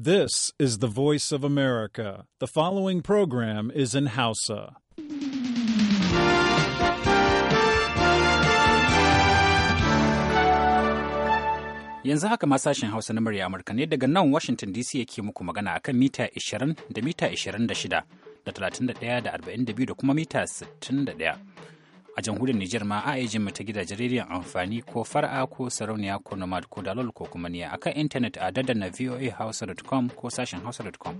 This is the voice of America. The following program is in Hausa. Yanzu haka ma sashen Hausa na murya Amurka ne daga nan Washington DC yake muku magana akan mita 20 da mita 26 da 31 da 42 da kuma mita 61. a jamhuriyar Nijar ma a ejin mu ta gidajen rediyon amfani ko fara'a ko sarauniya ko nomad ko dalol ko kuma niya akan intanet a dadana voahouse.com ko sashen hausa.com.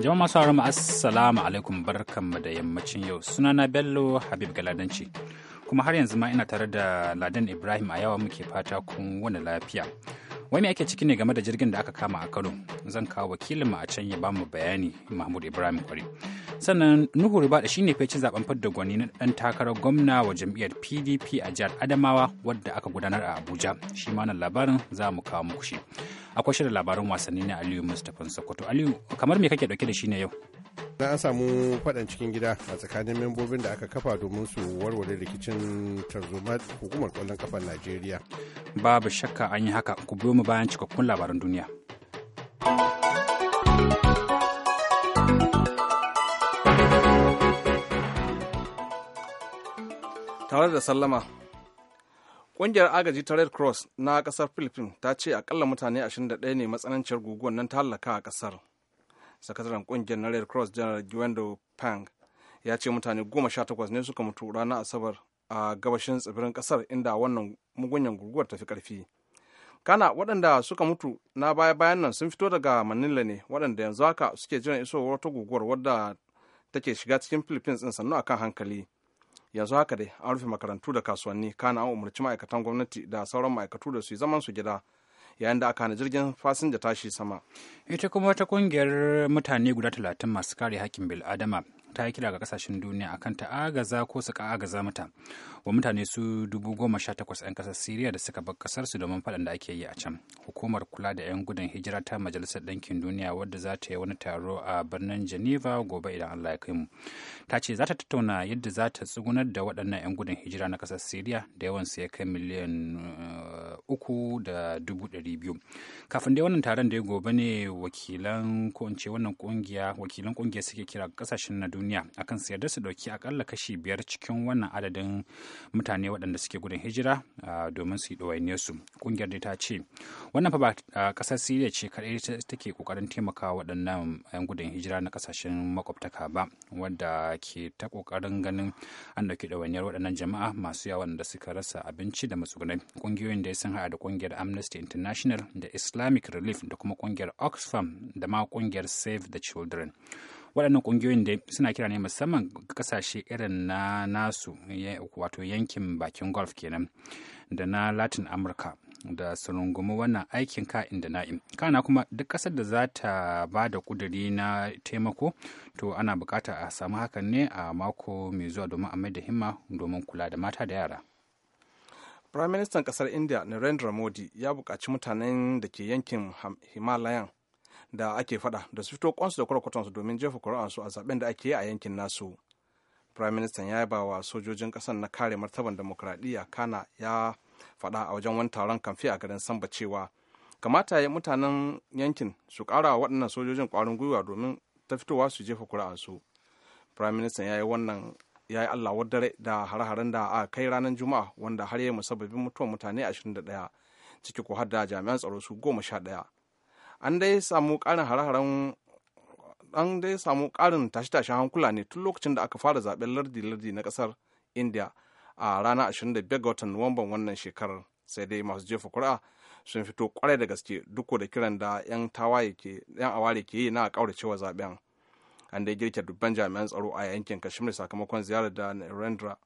jama'a masu haramu assalamu alaikum barkanmu da yammacin yau sunana bello habib galadanci kuma har yanzu ma ina tare da ladan ibrahim a yawa muke fata kun wani lafiya wai me ake ciki ne game da jirgin da aka kama a kano zan kawo wakilin mu a can ya bamu bayani mahmud ibrahim kwari sannan nuhu ribada shine fece zaben fadda gwani na dan takarar gwamna wa jam'iyyar pdp a jihar adamawa wadda aka gudanar a abuja shi ma nan labarin za mu kawo muku shi akwai shirin labarin wasanni na aliyu mustapha sokoto aliyu kamar me kake dauke da shi ne yau na an samu faɗan cikin gida a tsakanin membobin da aka kafa domin su warware rikicin tarzoma hukumar kwallon kafar najeriya babu shakka an yi haka ku biyo mu bayan cikakkun labaran duniya tare da sallama Ƙungiyar agaji ta Red Cross na ƙasar Philippines ta ce akalla mutane 21 ne matsananciyar guguwar nan ta hallaka a ƙasar. sakataren kungiyar na red cross general gwendo pang ya ce mutane goma sha takwas ne suka mutu ranar asabar a gabashin tsibirin kasar inda wannan mugunyan guguwar tafi karfi kana waɗanda suka mutu na baya bayan nan sun fito daga manila ne waɗanda yanzu haka suke jiran isowar wata guguwar wadda take shiga cikin philippines ɗin sannu akan hankali yanzu haka dai an rufe makarantu da kasuwanni kana an umarci ma'aikatan gwamnati da sauran ma'aikatu da su zaman su gida yayin da aka hana jirgin fasinja tashi sama ita kuma wata kungiyar mutane guda talatin masu kare haƙƙin bil'adama ta yi kira ga kasashen duniya akan ta agaza ko su agaza mata wa mutane su dubu goma sha takwas 'yan kasar siriya da suka bar kasar su domin faɗan da ake yi a can hukumar kula da 'yan gudun hijira ta majalisar ɗinkin duniya wadda za ta yi wani taro a birnin geneva gobe idan allah ya kai mu ta ce za ta tattauna yadda za ta tsugunar da waɗannan 'yan gudun hijira na kasar siriya da yawan su ya kai miliyan uh, uku da dubu ɗari biyu kafin dai wannan taron da ya gobe ne wakilan ko in ce wannan ƙungiya wakilan ƙungiya suke kira kasashen na duniya duniya akan sayar da su dauki akalla kashi biyar cikin wannan adadin mutane waɗanda suke gudun hijira domin su yi ɗawainiyar su kungiyar da ta ce wannan fa ba ƙasar siriya ce kaɗai take ƙoƙarin taimaka waɗannan 'yan gudun hijira na ƙasashen makwabtaka ba wadda ke ta ƙoƙarin ganin an ɗauki ɗawainiyar waɗannan jama'a masu yawa da suka rasa abinci da matsugunai ƙungiyoyin da ya sun haɗa da ƙungiyar amnesty international da islamic relief da kuma ƙungiyar oxfam da ma ƙungiyar save the children waɗannan ƙungiyoyin da suna kira ne musamman ƙasashe irin na nasu wato yankin bakin golf kenan da na latin amurka da su rungumi wannan aikin ka'in da na'im kana kuma duk ƙasar da za ta ba da ƙuduri na taimako to ana bukata a samu hakan ne a mako mai zuwa domin a mai da himma domin kula da mata da yara Firaministan ƙasar India Narendra Modi ya buƙaci mutanen da ke yankin Himalayan da ake fada da su fito kwansu da kwarkwatonsu domin jefa su a zaben da ake yi a yankin nasu prime minister ya ba wa sojojin kasan na kare martaban demokradiyya kana ya faɗa a wajen wani taron kamfe a garin samba cewa kamata ya mutanen yankin su kara wa waɗannan sojojin kwarin gwiwa domin ta fitowa su jefa kuri'ansu prime minister ya yi wannan ya yi allah dare da hare-haren da a kai ranar juma'a wanda har ya yi musabbabin mutuwar mutane 21 ciki ko har da jami'an tsaro su goma sha daya. an dai samu karin hare an dai samu ƙarin tashe-tashen hankula ne tun lokacin da aka fara zaɓen lardi-lardi na ƙasar india a ranar 25 ga watan nuwamban wannan shekarar sai dai masu jefa kuri'a sun fito kwarai da gaske duk da kiran da 'yan tawaye ke 'yan aware ke yi na kauracewa zaben an dai girke dubban jami'an tsaro a yankin kashmir sakamakon ziyarar da narendra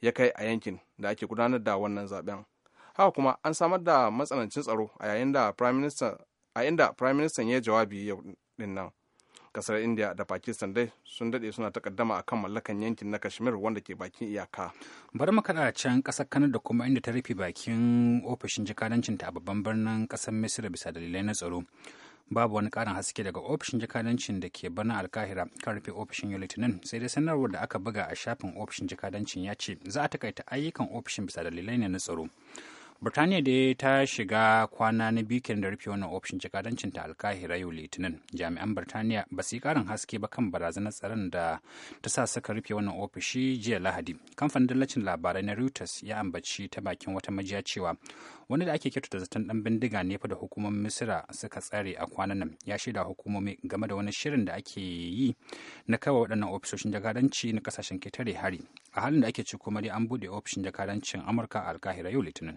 ya kai a yankin da ake gudanar da wannan zaben haka kuma an samar da matsanancin tsaro a yayin da prime minister a inda prime minister ya jawabi yau din nan kasar india da pakistan dai sun dade suna takaddama akan mallakan yankin na kashmir wanda ke bakin iyaka bari mu kada can kasar kanada kuma inda ta rufe bakin ofishin ta a babban birnin kasar misira bisa dalilai na tsaro babu wani karin haske daga ofishin jikadancin da ke birnin alkahira kan rufe ofishin yau litinin sai dai sanarwar da aka buga a shafin ofishin jikadancin ya ce za a takaita ayyukan ofishin bisa dalilai ne na tsaro Birtaniya da ta shiga kwana na biyu kenan da rufe wannan ofishin jakadancin ta alkahira yau litinin. Jami'an Birtaniya ba su yi karin haske ba kan barazanar tsaron da ta sa suka rufe wannan ofishi jiya Lahadi. Kamfanin dallacin labarai na Reuters ya ambaci ta bakin wata majiya cewa wani da ake kyautata zaton dan bindiga ne fa da hukumomin Misira suka tsare a kwanan nan ya shaida hukumomi game da wani shirin da ake yi na kawo waɗannan ofisoshin jakadanci na kasashen ketare hari. A halin da ake ci kuma dai an buɗe ofishin jakadancin Amurka a alkahira yau litinin.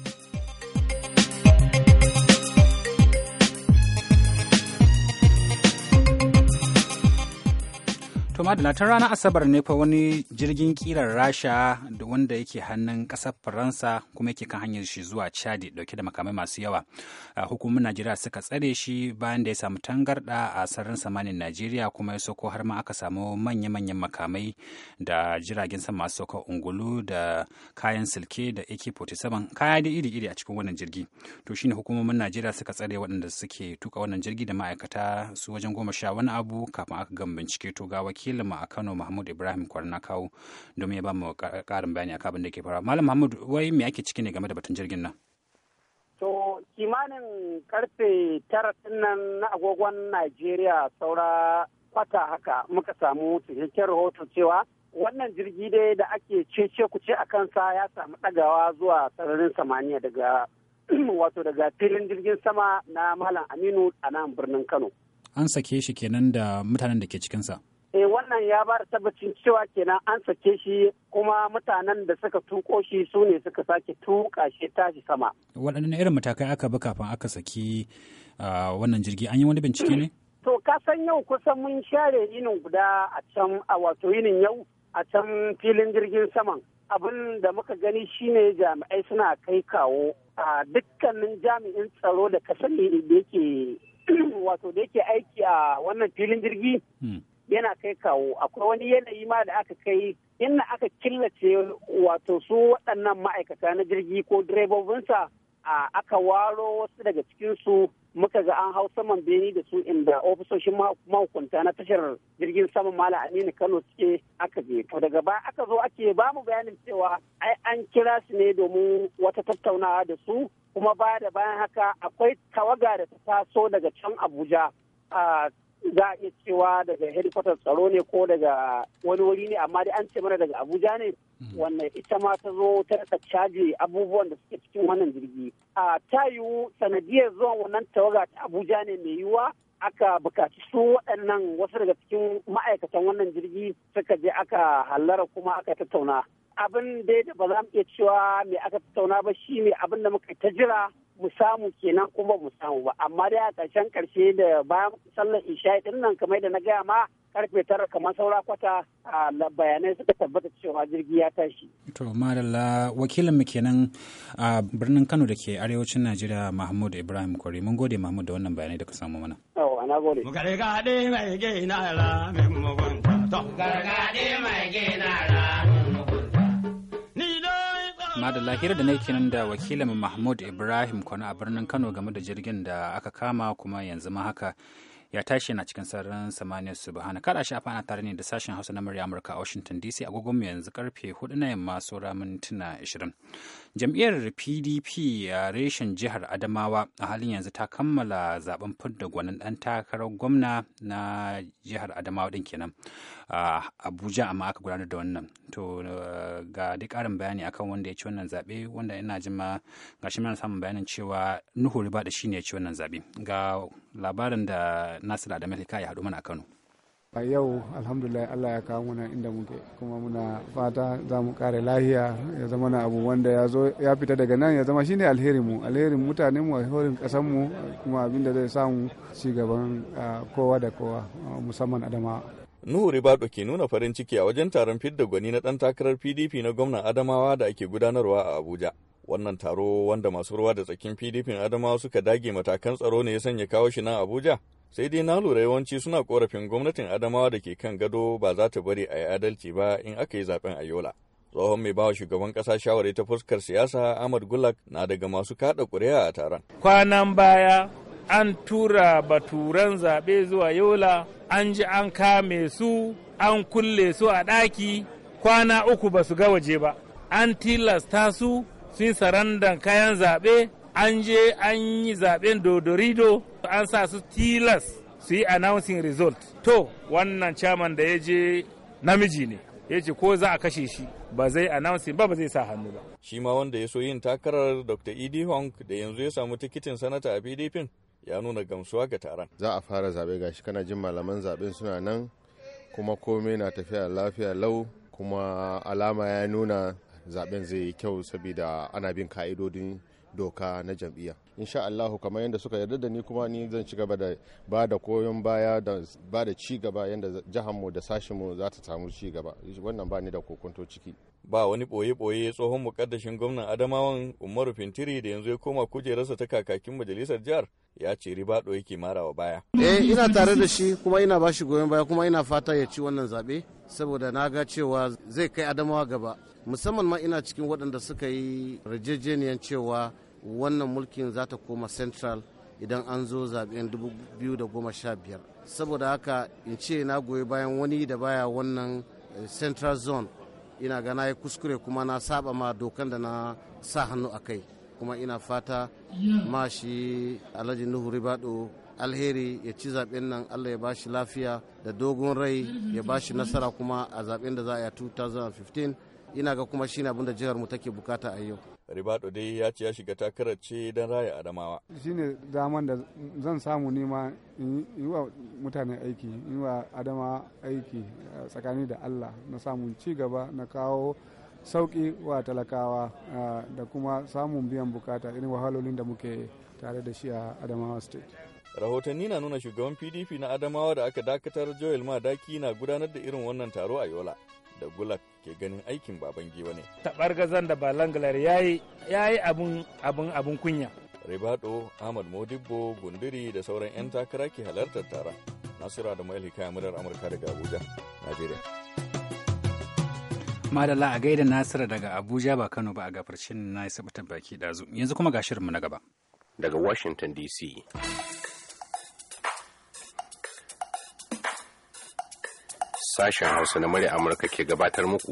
To madala ta ranar Asabar ne fa wani jirgin kirar Rasha da wanda yake hannun ƙasar Faransa kuma yake kan hanyar shi zuwa Chadi dauke da makamai masu yawa. Hukumomin Najeriya suka tsare shi bayan da ya samu tangarda a sararin samanin Najeriya kuma ya sauko har ma aka samu manya-manyan makamai da jiragen sama masu sauka ungulu da kayan silke da AK-47 kaya da iri-iri a cikin wannan jirgi. To shine hukumomin Najeriya suka tsare waɗanda suke tuka wannan jirgi da ma'aikata su wajen goma sha wani abu kafin aka gan bincike to ga wakil wakilin mu a Kano Mahmud Ibrahim Kwarna kawo domin ya ba mu karin bayani akan abin da ke fara Malam Mahmud wai me ake ciki ne game da batun jirgin nan? To kimanin karfe tara nan na agogon Najeriya saura kwata haka muka samu cikakken rahoto cewa wannan jirgi dai da ake cece ce a kansa ya samu ɗagawa zuwa sararin samaniya daga wato daga filin jirgin sama na Malam Aminu a nan birnin Kano. An sake shi kenan da mutanen da ke cikinsa. eh wannan ya ba da tabbacin cewa kenan an sake shi kuma mutanen da suka tuko shi su ne suka sake tuka shi tashi sama waɗannan irin matakai aka bi kafin aka saki wannan jirgi an yi wani bincike ne to ka san yau kusan mun share yinin guda a can a wato yinin yau a can filin jirgin saman abin da muka gani shine jami'ai suna kai kawo a dukkanin jami'in tsaro da ka sani da yake da yake aiki a wannan filin jirgi hmm. yana kai kawo akwai wani yanayi ma da aka kai inda aka killace wato su waɗannan ma'aikata na jirgi ko direbobinsa a aka waro wasu daga cikinsu muka ga an hau saman beni da su inda ofisoshin mahukunta na tashar jirgin saman mala aminu kano suke aka je to daga baya aka zo ake ba mu bayanin cewa ai an kira su ne domin wata tattaunawa da su kuma baya da bayan haka akwai tawaga da ta taso daga can abuja za a iya cewa daga helikwatar tsaro ne ko daga wani wuri ne amma dai an ce mana daga abuja ne hmm. wannan ita ma ta zo ta rika caji abubuwan da suke cikin wannan jirgi a ta yiwu sanadiyar zuwan wannan tawaga ta abuja ne mai yiwuwa aka bukaci su waɗannan wasu daga cikin ma'aikatan wannan jirgi suka je aka hallara kuma aka tattauna abin da ba za mu iya cewa me aka tattauna ba shi ne abin da muka ta jira mu samu kenan kuma mu samu ba amma dai a ƙarshen ƙarshe da bayan sallar isha din nan kamar da na gaya ma karfe tara kamar saura kwata a bayanai suka tabbata cewa jirgi ya tashi. To madalla wakilin mu kenan a birnin Kano da ke arewacin Najeriya Mahmud Ibrahim Kwari mun gode Mahmud da wannan bayanai da ka samu mana. Yau ana gode. Mu gargaɗe mai gina ra mai mugunta. To gargaɗe mai gina ra madalla lahira da nake nan da wakilin mahmud ibrahim kwana a birnin kano game da jirgin da aka kama kuma yanzu ma haka ya tashi yana cikin sararin samaniyar su subhana kada shi ana tare ne da sashen hausa na murya amurka a washington dc agogon mu yanzu karfe 4 na yamma saura mintuna 20 jam'iyyar pdp a reshen jihar adamawa a halin yanzu ta kammala zaben fidda gwanin dan takarar gwamna na jihar adamawa din kenan a abuja amma aka gudanar da wannan to eh, ga duk karin bayani akan wanda ya ci wannan zaɓe wanda ina ma ga shi mana samun bayanin cewa nuhu riba da ne ya ci wannan zaɓe ga labarin da nasiru adamu ya haɗu mana a kano a yau alhamdulillah allah ya kawo muna inda muke kuma muna fata za mu kare lahiya ya zama na abu wanda ya fita daga nan ya zama shine alherin mu alherin mutanen mu alherin kasan mu kuma abin da zai samu ci gaban kowa da kowa musamman adamawa Nuhu ribaɗo ke nuna farin ciki a wajen taron fidda gwani na ɗan takarar PDP na gwamnan Adamawa da ake gudanarwa a Abuja. wannan taro wanda masu ruwa da tsakin pdp adamawa suka dage matakan tsaro ne ya sanya kawo shi nan abuja sai dai na lura yawanci suna korafin gwamnatin adamawa da ke kan gado ba za ta bari a yi adalci ba in aka yi zaben ayola tsohon mai bawa shugaban kasa shawari ta fuskar siyasa ahmad gulak na daga masu kada kuri'a a taron kwanan baya an tura baturan zaɓe zuwa yola an ji an kame su an kulle su a ɗaki kwana uku ba su ga waje ba an tilasta su sun sarandan kayan zaɓe an je an yi zaɓen dodorido an sa su tilas su yi announcing result to wannan chairman da ya je namiji ne ya ce ko za a kashe shi ba zai announcing ba ba zai sa hannu ba shi ma wanda ya so yin takarar dr ed hong da yanzu ya samu tikitin sanata a pdp ya nuna gamsuwa ga taron za a fara zaɓe gashi kana jin malaman zaɓen suna nan kuma komai na tafiya lafiya lau kuma alama ya nuna zaben zai yi kyau saboda ana bin ka'idodin doka na jam'iyya insha Allahu kamar yadda suka yarda da ni kuma ni zan ci gaba da ba da koyon baya da ba da ci gaba yadda jihar mu da sashen mu za ta samu ci gaba wannan ba ni da kokonto ciki ba wani ɓoye-ɓoye tsohon mukaddashin gwamnan adamawan umaru fintiri da yanzu ya koma kujerarsa ta kakakin majalisar jihar ya ce riba yake marawa baya eh ina tare da shi kuma ina ba shi goyon baya kuma ina fata ya ci wannan zaɓe saboda na ga cewa zai kai adamawa gaba musamman ma ina cikin waɗanda suka yi rajejeniyan cewa wannan mulkin za ta koma central idan an zo zaɓen 2015 saboda haka in ce na goyi bayan wani da baya wannan eh, central zone ina ga na kuskure kuma na saba ma dokan da na sa hannu a kai kuma ina fata ma shi alhaji nuhu ribado alheri ya ci zaben nan allah ya ba shi lafiya da dogon rai ya ba shi nasara kuma a zaben da za a yi 2015 ina ga kuma shine abin da jihar mu take bukata a yau Ribado dai ya ce ya shiga takarar ce don raya Adamawa. Shine daman da zan samu nema yi wa mutane aiki, yi wa adama aiki eh, tsakani da Allah na samun ci gaba na kawo sauƙi wa talakawa eh, da kuma samun biyan bukata irin wahalolin da muke tare da shi a Adamawa State. rahotanni na nuna shugaban pdp na adamawa da aka dakatar joel madaki na gudanar da irin wannan taro a yola da gulak ke ganin aikin baban giwa ne tabargazan da balangalar ya yi abin abin kunya ribado ahmad modibbo gundiri da sauran 'yan takara ke halartar tara nasira da mail hikaya murar amurka daga abuja najeriya madalla a gaida nasira daga abuja ba kano ba a gafarcin na yi baki dazu yanzu kuma ga shirinmu na gaba daga washington dc sashen Hausa na murya Amurka ke gabatar muku.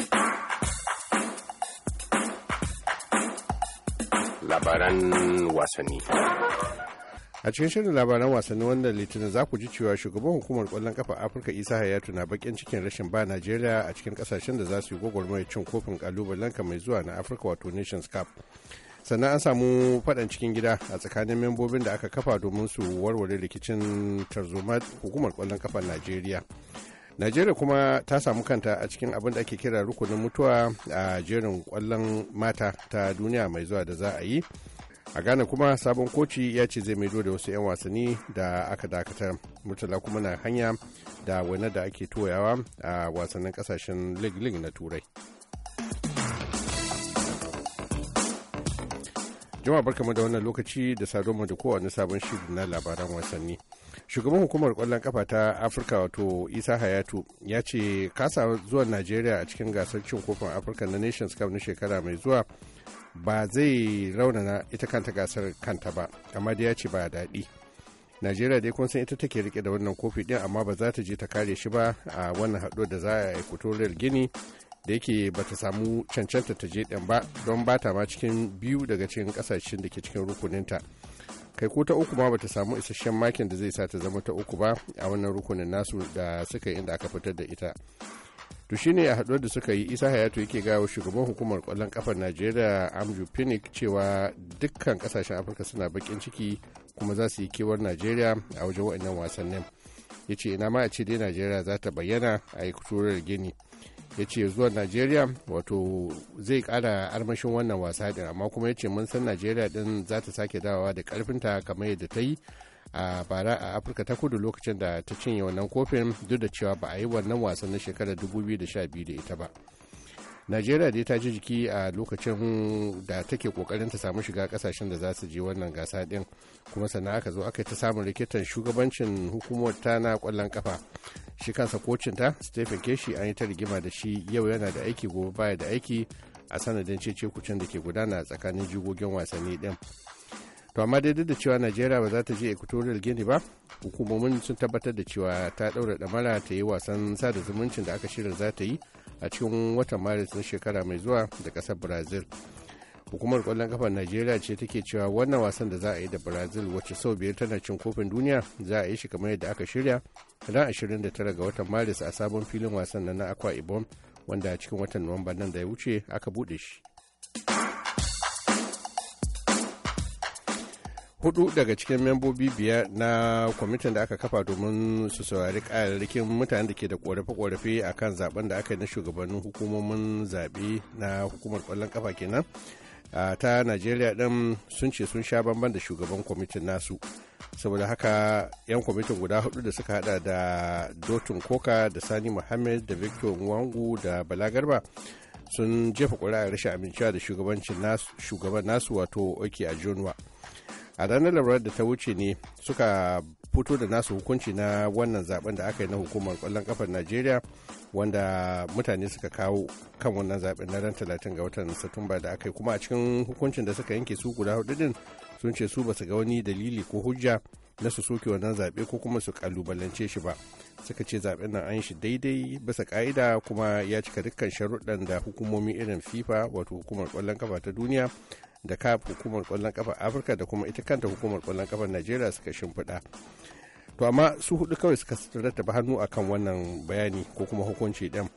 Labaran wasanni. A cikin shirin labaran wasanni wanda Litinin za ku ji cewa shugaban hukumar kwallon kafa Afirka Isa Hayatu na bakin cikin rashin ba Najeriya a cikin kasashen da za su yi gwagwarmayar cin kofin kalubalenka mai zuwa na Afirka wato Nations Cup. sannan an samu faɗan cikin gida a tsakanin membobin da aka kafa domin su warware rikicin tarzoma hukumar kwallon kafa najeriya najeriya kuma ta samu kanta a cikin abin da ake kira rukunin mutuwa a jerin kwallon mata ta duniya mai zuwa da za a yi a ghana kuma sabon koci ya ce zai maido da wasu 'yan wasanni da aka dakata murtala kuma na hanya da wani da ake toyawa a wasannin kasashen lig-lig na turai jama'a barkamu da wannan lokaci da sadoma da kowane sabon shirin na labaran wasanni shugaban hukumar kwallon kafa ta afirka wato isa hayatu ya ce kasa zuwa najeriya a cikin gasar cin kofin afirka na nations cup na shekara mai zuwa ba zai raunana ita kanta gasar kanta ba amma da ya ce ba daɗi najeriya dai kun san ita take rike da wannan kofi din amma ba za ta je ta kare shi ba a wannan haɗo da za a equatorial gini da yake ba ta samu cancanta ta je ɗin ba don ba ta ma cikin biyu daga cikin kasashen da ke cikin rukuninta kai ko ta uku ma bata samu isasshen makin da zai sa ta zama ta uku ba a wannan rukunin nasu da suka yi inda aka fitar da ita to shine a haɗuwar da suka yi isa hayatu yake gawa shugaban hukumar kwallon kafar najeriya amju pinnick cewa dukkan kasashen afirka suna bakin ciki kuma za su yi kewar najeriya a wajen waɗannan wasannin ya ce ina ma a ce dai najeriya za ta bayyana a yi turar gini ya ce zuwa najeriya wato zai kara armashin wannan wasa din amma kuma ya ce mun san najeriya din za ta sake dawowa da karfinta kamar yadda ta yi a bara a afirka ta kudu lokacin da ta cinye wannan kofin duk da cewa ba a yi wannan wasan na shekarar 2012 da ita ba najeriya dai ta ji jiki a lokacin da take kokarin ta samu shiga kasashen da za su je wannan gasa din kuma sannan aka zo aka yi ta samun rikitan shugabancin hukumar ta na kwallon kafa shi kansa kocin ta stephen keshi an yi ta rigima da shi yau yana da aiki gobe baya da aiki a sanadin cece kucin da ke gudana tsakanin jigogin wasanni din to amma daidai da cewa najeriya ba za ta je equatorial guinea ba hukumomin sun tabbatar da cewa ta daura damara ta yi wasan sada zumuncin da aka shirin za ta yi a cikin watan maris na shekara mai zuwa da kasar brazil hukumar kwallon kafar najeriya ce take cewa wannan wasan da za a yi da brazil wacce sau biyar tana cin kofin duniya za a yi shi kamar yadda aka shirya ran 29 ga watan maris a sabon filin wasan na akwa ibom wanda a cikin watan nuwamba nan da ya wuce aka bude shi. hudu daga cikin membobi biyar na kwamitin da aka kafa domin su saurari kayayyakin mutanen da ke da korafe-korafe a kan zaben da aka yi na shugabannin hukumomin zabe na hukumar kwallon kafa kenan ta najeriya ɗin sun ce sun sha bamban da shugaban kwamitin nasu saboda haka 'yan kwamitin guda hudu da suka hada da dotun koka da sani muhammad da victor wangu da bala garba sun jefa ƙuri'ar rashin amincewa da shugaban nasu wato oke a junwa a ranar labarar da ta wuce ne suka fito da nasu hukunci na wannan zaben da aka yi na hukumar kwallon kafar najeriya wanda mutane suka kawo kan wannan zaben na ran 30 ga watan satumba da aka yi kuma a cikin hukuncin da suka yanke su guda hudu din sun ce su basu ga wani dalili ko hujja na su soke wannan zaɓe ko kuma su kalubalance shi ba suka ce zaɓen nan an shi daidai bisa ka'ida kuma ya cika dukkan sharuɗɗan da hukumomi irin fifa wato hukumar kwallon kafa ta duniya da ka hukumar kwallon kafar afirka da kuma ita kanta hukumar kwallon kafar najeriya suka shimfiɗa to amma su hudu kawai suka rattaba hannu akan wannan bayani ko kuma hukunci ɗin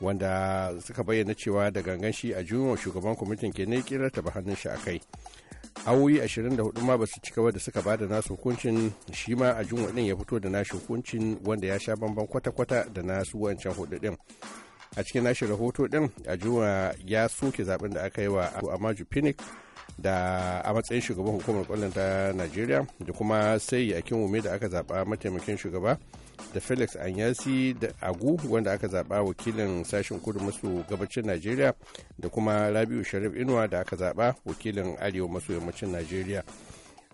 wanda suka bayyana cewa da gangan shi a juma shugaban kwamitin ke ne kirar taba hannun shi a kai awoyi 24 ma ba su cika da suka da nasu hukuncin shi ma a juma din ya fito da nashi hukuncin wanda ya sha bamban kwata-kwata da nasu wancan hudu ɗin a cikin nashi rahoto din juma ya soke zaben da aka yi wa amaju phoenix da a matsayin shugaban hukumar kwallon ta najeriya da kuma sai a wume da aka zaba mataimakin shugaba da felix anyasi da agu wanda aka zaba wakilin sashen kudu maso gabacin najeriya da kuma rabiu sharif inuwa da aka zaba wakilin arewa maso yammacin najeriya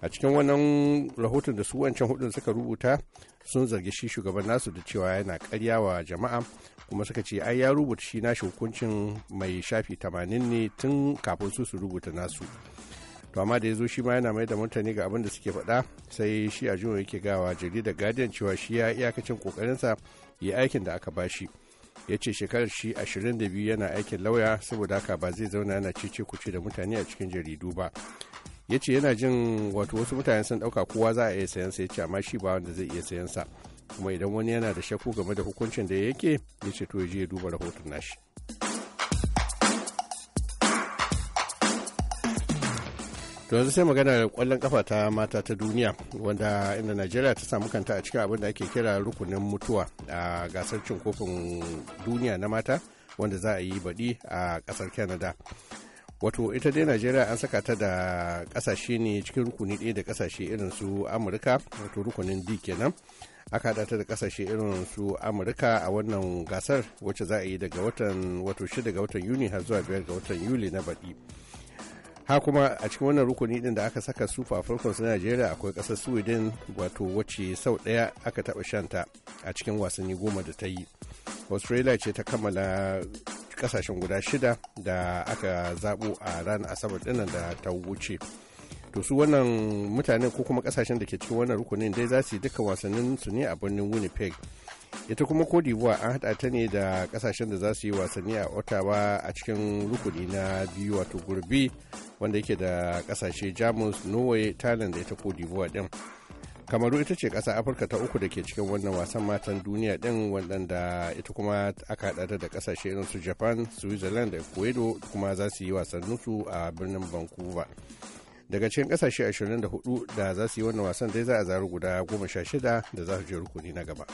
a cikin wannan rahoton da su wancan hudun suka rubuta sun zargi shi shugaban nasu da cewa yana karya wa jama'a kuma suka ce ai ya rubuta shi nashi hukuncin mai shafi tamanin ne tun kafin su su rubuta nasu to amma da ya zo shi ma yana mai da mutane ga abin da suke faɗa sai shi a jiwon yake gawa jaridar guardian cewa shi ya iyakacin kokarinsa ya aikin da aka bashi ya ce shekarar shi biyu yana aikin lauya saboda haka ba zai zauna yana cece kuce da mutane a cikin jaridu ba ya ce yana jin wato wasu mutane sun ɗauka kowa za a iya sayan sa ya ce amma shi ba wanda zai iya sayan sa kuma idan wani yana da shakku game da hukuncin da yake ya ce to ya je ya duba rahoton nashi. to yanzu sai magana da kwallon kafa ta mata ta duniya wanda inda najeriya ta samu kanta a cikin abin da ake kira rukunin mutuwa a gasar cin kofin duniya na mata wanda za a yi baɗi a ƙasar canada wato ita dai najeriya an saka ta da kasashe ne cikin rukuni ɗaya da kasashe irin su amurka wato rukunin d kenan aka haɗa ta da kasashe irin su amurka a wannan gasar wacce za a yi daga watan wato shida ga watan yuni har zuwa biyar ga watan yuli na baɗi ha kuma a cikin wannan rukuni din da aka saka su farkon su najeriya akwai ƙasar sweden wato wacce sau ɗaya aka taɓa shanta a cikin wasanni goma da ta yi australia ce ta kammala kasashen guda shida da aka zabo a ranar asabar dinnan da ta wuce to su wannan mutane ko kuma kasashen da ke cikin wannan rukunin dai za su yi duka wasannin su ne a birnin winnipeg ita kuma d'Ivoire an haɗa ta ne da kasashen da za su yi wasanni a ottawa a cikin rukuni na biyu wato gurbi wanda yake da kasashe jamus norway thailand da ita d'Ivoire din kamaru ita ce ƙasa afirka ta uku da ke cikin wannan wasan matan duniya din wadanda ita kuma aka haɗa da ƙasashe irin su japan switzerland da ecuador kuma za su yi wasan nutsu a birnin vancouver daga cikin ƙasashe 24 da za su yi wannan wasan dai za a zaru guda 16 da za su je rukuni na gaba.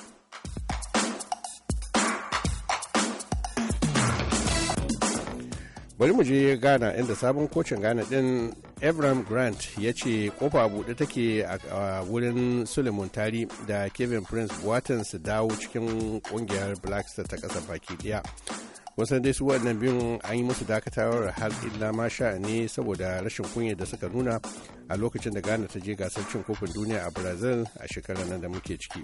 bari mu je ghana inda sabon kocin ghana din abraham grant ya ce kofa buɗe take a wurin suleiman tari da kevin prince watan su dawo cikin kungiyar blackstar ta kasa baki ɗaya wasan dai su waɗannan biyun an yi musu dakatawar har illa ma sha ne saboda rashin kunya da suka nuna a lokacin da ghana ta je gasar cin kofin duniya a brazil a shekarar nan da muke ciki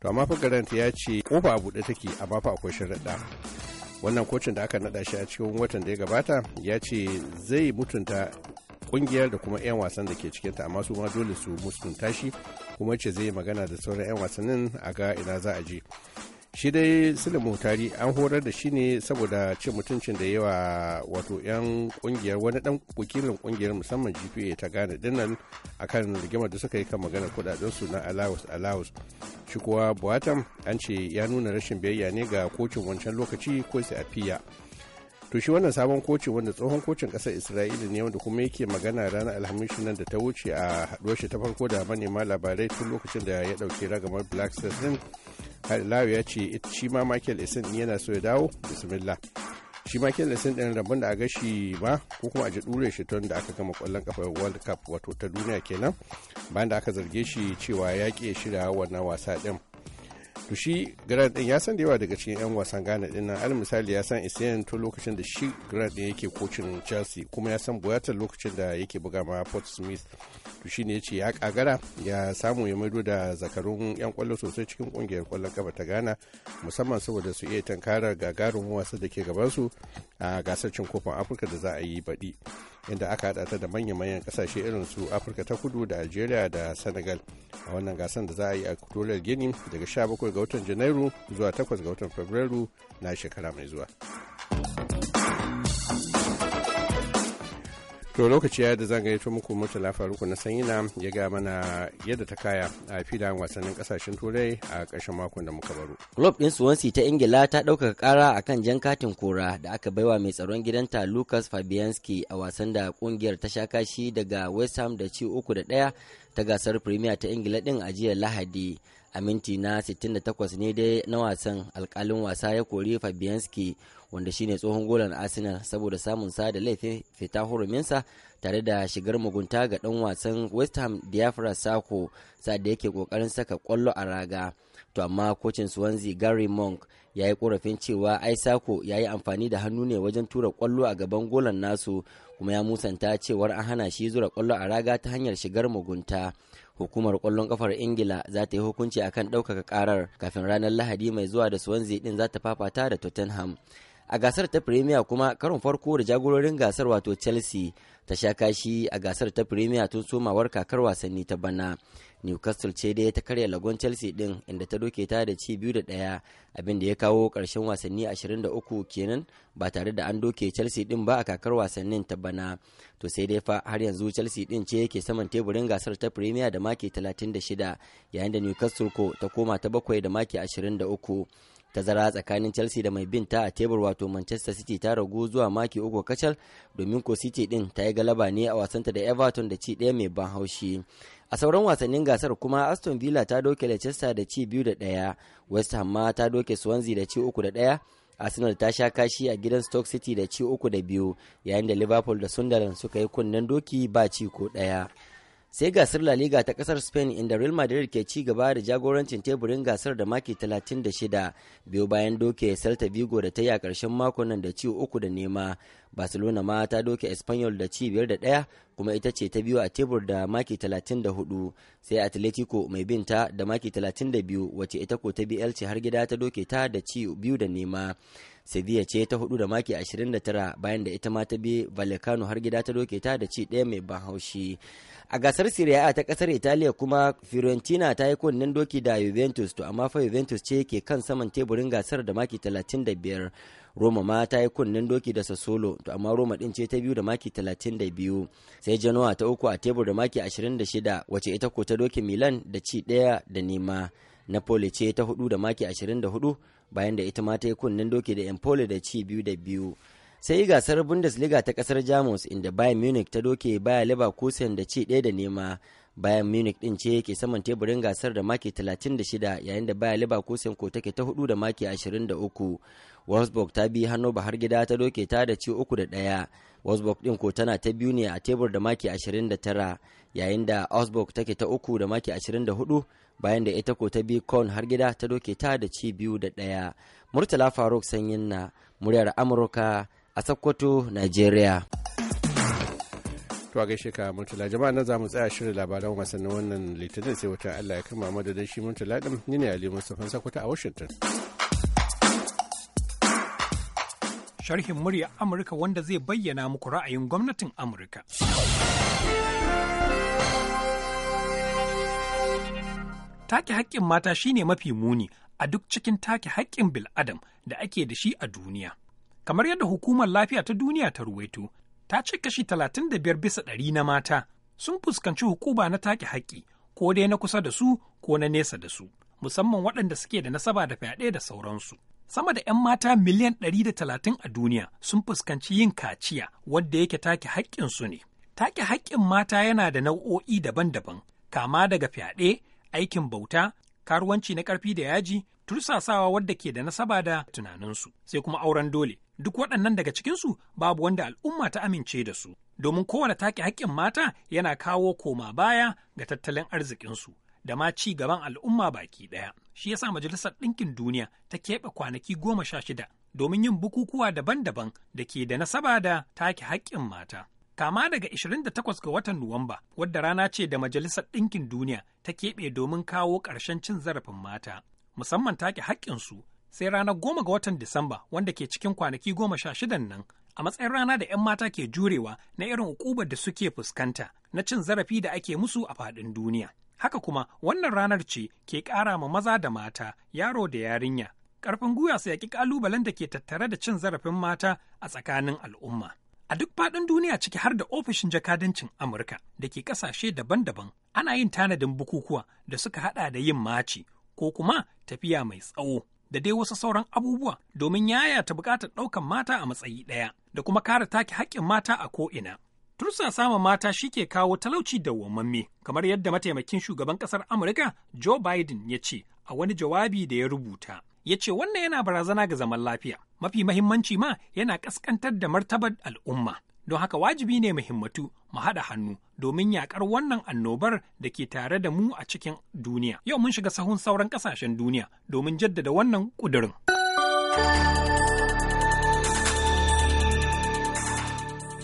to amma fa grant ya ce kofa a buɗe take amma fa akwai sharaɗa wannan kocin da aka nada shi a cikin watan da ya gabata ya ce zai mutunta kungiyar da kuma 'yan wasan da ke cikinta amma su ma dole su mutunta shi kuma ce zai magana da sauran 'yan wasannin a ga ina za a je shi dai silin tari an horar da shi ne saboda cin mutuncin da yawa wato 'yan kungiyar wani dan wakilin kungiyar musamman gpa ta gane dinnan akan rigimar da suka yi kan maganar kudaden su na alawus alawus shi kuwa buwatan an ce ya nuna rashin biyayya ne ga kocin wancan lokaci ko sai a fiya to shi wannan sabon kocin wanda tsohon kocin kasar isra'ila ne wanda kuma yake magana ranar alhamis nan da ta wuce a haduwar shi ta farko da manema labarai tun lokacin da ya dauke ragamar black stars din har ya ce shi ma michael esin yana so ya dawo bismillah shi michael isin din rabon da a gashi ba ko kuma a ji dure shi tun da aka gama kwallon kafa world cup wato ta duniya kenan bayan da aka zarge shi cewa ya ƙi shirya wannan wasa ɗin. to grand grant ya san da yawa daga cikin yan wasan ghana din nan al misali ya san isiyan tun lokacin da shi grant din yake kocin chelsea kuma ya san buyatar lokacin da yake buga ma port smith to shi ne ya ce ya kagara ya samu ya maido da zakarun yan kwallo sosai cikin kungiyar kwallon kafa ta ghana musamman saboda su iya tankarar gagarumin wasa da ke gabansu a gasar cin kofin afirka da za a yi baɗi inda aka hada ta da manya-manyan kasashe irin su afirka ta kudu da algeria da senegal a wannan gasar da za a yi a kutolar gini daga 17 ga watan janairu zuwa 8 ga watan fabrairu na shekara mai zuwa to lokaci ya da zan gaito muku murtala faruku na sanyina ya ga mana yadda ta kaya a filayen wasannin kasashen turai a ƙarshen makon da muka baro club din swansea ta ingila ta ɗaukaka ƙara kan jan katin kora da aka baiwa mai tsaron gidanta lucas fabianski a wasan da ƙungiyar ta sha kashi daga west ham da ci uku da ɗaya ta gasar premier ta ingila din a jiya lahadi a minti na 68 ne dai na wasan alkalin wasa ya kori fabianski wanda shine tsohon golan arsenal saboda samun sa da laifin fita huruminsa tare da shigar mugunta ga dan wasan west ham diafra sako sa da yake kokarin saka kwallo a raga to amma kocin swansea gary monk ya yi korafin cewa ai sako ya yi amfani da hannu ne wajen tura kwallo a gaban golan nasu kuma ya musanta cewar an hana shi zura kwallo a raga ta hanyar shigar mugunta hukumar kwallon kafar ingila za ta yi hukunci akan ɗaukaka karar kafin ranar lahadi mai zuwa da swansea din za ta fafata da tottenham a gasar ta premier kuma karon farko da jagororin gasar wato chelsea ta sha kashi a gasar ta premier tun somawar kakar wasanni ta bana newcastle ce dai ta karya lagon chelsea din inda ta doke ta da ci biyu da ɗaya abin da ya kawo karshen wasanni 23 kenan ba tare da an doke chelsea din ba a kakar wasannin ta bana to sai dai fa har yanzu chelsea din ce yake saman teburin gasar ta premier da maki 36 yayin da newcastle ko ta koma ta bakwai da maki 23 tazara tsakanin chelsea da mai binta a tebur wato manchester city ta ragu zuwa maki uku kacal domin ko city din ta yi galaba ne a wasanta da everton da ci ɗaya mai ban haushi a sauran wasannin gasar kuma aston villa ta doke leicester da ci biyu da ɗaya west ham ma ta doke swansea da ci uku da ɗaya arsenal ta sha kashi a gidan stoke city da ci uku da biyu yayin da liverpool da sunderland suka yi kunnen doki ba ci ko ɗaya sai gasar La Liga ta kasar Spain inda Real Madrid ke ci gaba da jagorancin teburin gasar da maki 36 biyu bayan doke Celta Vigo da ta yi a ƙarshen makon nan da ci uku da nema. Barcelona ma ta doke Espanyol da ci biyar da ɗaya kuma ita ce ta biyu a tebur da maki 34 sai Atletico mai binta da maki 32 wace ita ko ta bi Elche har gida ta doke ta da ci biyu da nema. Sevilla ce ta hudu da maki 29 bayan da ita ma ta bi Vallecano har gida ta doke ta da ci ɗaya mai ban haushi. A gasar Serie A ta kasar Italiya kuma Fiorentina ta yi kunnen doki da Juventus to amma fa Juventus ce ke kan saman teburin gasar da maki 35. Roma ma ta yi kunnen doki da Sassuolo to amma Roma din ce ta biyu da maki 32. Sai Genoa ta uku a tebur da maki 26 wace ita ko ta doki Milan da ci daya da nema. Napoli ce ta hudu da maki 24 bayan da ita ma ta yi kunnen doki da Empoli da ci biyu da biyu. sai gasar bundesliga ta kasar jamus inda bayern munich ta doke baya leverkusen da ci ɗaya da nema bayan munich din ce ke saman teburin gasar da maki 36 yayin da baya leverkusen ko take ta hudu da maki 23 wolfsburg ta bi hannu ba har gida ta doke ta da ci uku da ɗaya, wolfsburg din ko tana ta biyu ne a tebur da maki 29 yayin da augsburg take ta uku da maki 24 bayan da ita ko ta bi kon har gida ta doke ta da ci biyu da ɗaya. murtala faruk sanyin na muryar amurka a Sokoto, Najeriya. Tuwa gaishe ka Murtala jama'a na zamu mu tsaya shirin labaran wasannin wannan litinin sai wata Allah ya kama madadin shi Murtala ɗin ni ne Ali Mustafa Sokoto a Washington. Sharhin murya Amurka wanda zai bayyana muku ra'ayin gwamnatin Amurka. Take haƙƙin mata shine mafi muni a duk cikin take haƙƙin bil'adam da ake da shi a duniya. kamar yadda hukumar lafiya ta duniya ta ruwaito ta ce kashi biyar bisa ɗari na mata sun fuskanci hukuma na take haƙƙi ko dai na kusa da su ko na nesa da su musamman waɗanda suke da nasaba da fyaɗe da sauransu sama da 'yan mata miliyan talatin a duniya sun fuskanci yin kaciya wadda yake take haƙƙinsu ne take haƙƙin mata yana da nau'o'i daban-daban kama daga fyaɗe aikin bauta karuwanci na ƙarfi da yaji tursasawa wadda ke da nasaba da tunaninsu sai kuma auren dole duk waɗannan daga cikinsu babu wanda al'umma ta amince da su domin kowane take haƙƙin mata yana kawo koma baya ga tattalin arzikinsu da ma ci gaban al'umma baki ɗaya shi yasa majalisar ɗinkin duniya ta keɓe kwanaki goma sha shida domin yin bukukuwa daban-daban da ke da nasaba da take haƙƙin mata kama daga 28 ga watan Nuwamba, wadda rana ce da Majalisar Ɗinkin Duniya ta keɓe domin kawo ƙarshen cin zarafin mata, musamman take haƙƙinsu sai ranar goma ga watan Disamba wanda ke cikin kwanaki goma sha shidan nan a matsayin rana da 'yan mata ke jurewa na irin ukubar da suke fuskanta na cin zarafi da ake musu a faɗin duniya. Haka kuma wannan ranar ce ke ƙara ma maza da mata, yaro da yarinya, ƙarfin gwiwa su yaƙi ƙalubalen da ke tattare da cin zarafin mata a tsakanin al'umma. A duk faɗin duniya ciki har da ofishin jakadancin Amurka da ke ƙasashe daban-daban ana yin tanadin bukukuwa da suka haɗa da yin maci ko kuma tafiya mai tsawo da dai wasu sauran abubuwa domin yaya ta bukatar ɗaukan mata a matsayi ɗaya da kuma kare take haƙƙin mata a ko'ina. Tursa samun mata shi ke kawo talauci da dawwammame, kamar yadda mataimakin shugaban ƙasar Amurka Joe Biden ya ce a wani jawabi da ya rubuta. Ya ce wannan yana barazana ga zaman lafiya, mafi mahimmanci ma yana ƙasƙantar da martabar al'umma Don haka wajibi ne muhimmatu mu haɗa hannu domin yaƙar wannan annobar da ke tare da mu a cikin duniya. Yau mun shiga sahun sauran ƙasashen duniya domin jaddada wannan ƙudurin.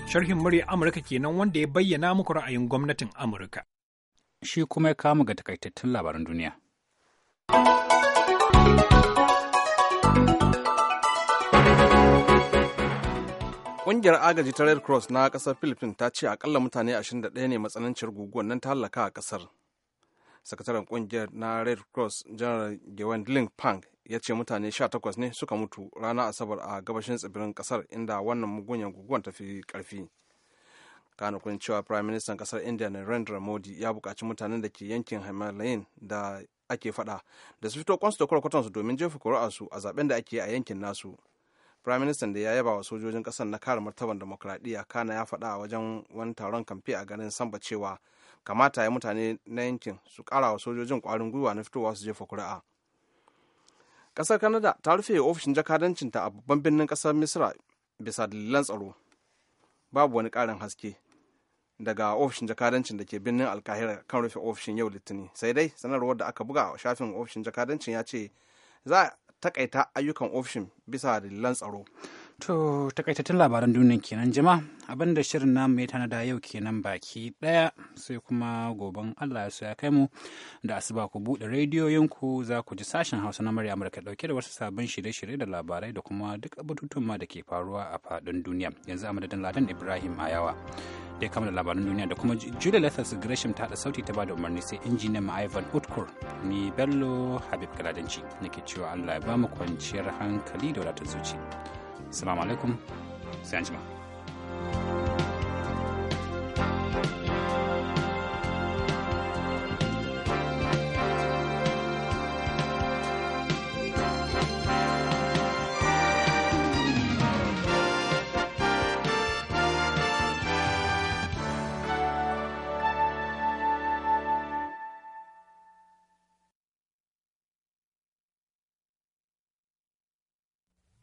Sharhin murya Amurka kenan wanda ya bayyana muku ra'ayin gwamnatin Amurka. Shi kuma ya kama ga takaitattun labaran duniya. kungiyar agaji ta Red Cross na kasar Philippines ta ce akalla mutane 21 ne matsananciyar guguwar nan ta halaka a kasar Sakataren ƙungiyar na Red Cross General ling Pang ya ce mutane 18 ne suka mutu ranar Asabar a gabashin tsibirin kasar inda wannan mugunyan guguwar ta fi karfi Kana kun cewa Prime Minister kasar India Narendra Modi ya bukaci mutanen da ke yankin Himalayan da ake fada da su fito kwansu da kwarkwatonsu domin jefa kuri'arsu a zaben da ake a yankin nasu. minister da ya yaba wa sojojin kasar na kare martaban demokradiyya kana ya faɗa a wajen wani taron kamfe a garin samba cewa kamata ya mutane na yankin su kara wa sojojin kwarin gwiwa na fitowa su jefa kuri'a kasar canada ta rufe ofishin jakadancinta a babban birnin kasar misra bisa dalilan tsaro babu wani karin haske daga ofishin jakadancin da ke birnin alkahira kan rufe ofishin yau litinin sai dai sanarwar da aka buga a shafin ofishin jakadancin ya ce za takaita ayyukan ofishin bisa dalilan tsaro To takaitattun labaran duniya kenan jima abin da shirin namu ya tanada yau kenan baki daya sai kuma goben Allah ya ya kai mu da asuba ku buɗe rediyoyinku za ku ji sashen Hausa na murya Amurka ɗauke da wasu sabon shirye-shirye da labarai da kuma duk bututun ma da ke faruwa a faɗin duniya yanzu a madadin Ladan Ibrahim Ayawa da ya kama da labaran duniya da kuma Julia Lethas Gresham ta hada sauti ta bada umarni sai injiniyan ma Ivan Utkur ni Bello Habib Galadanci nake cewa Allah ya ba mu kwanciyar hankali da wadatar zuci. Salamu alaikum sai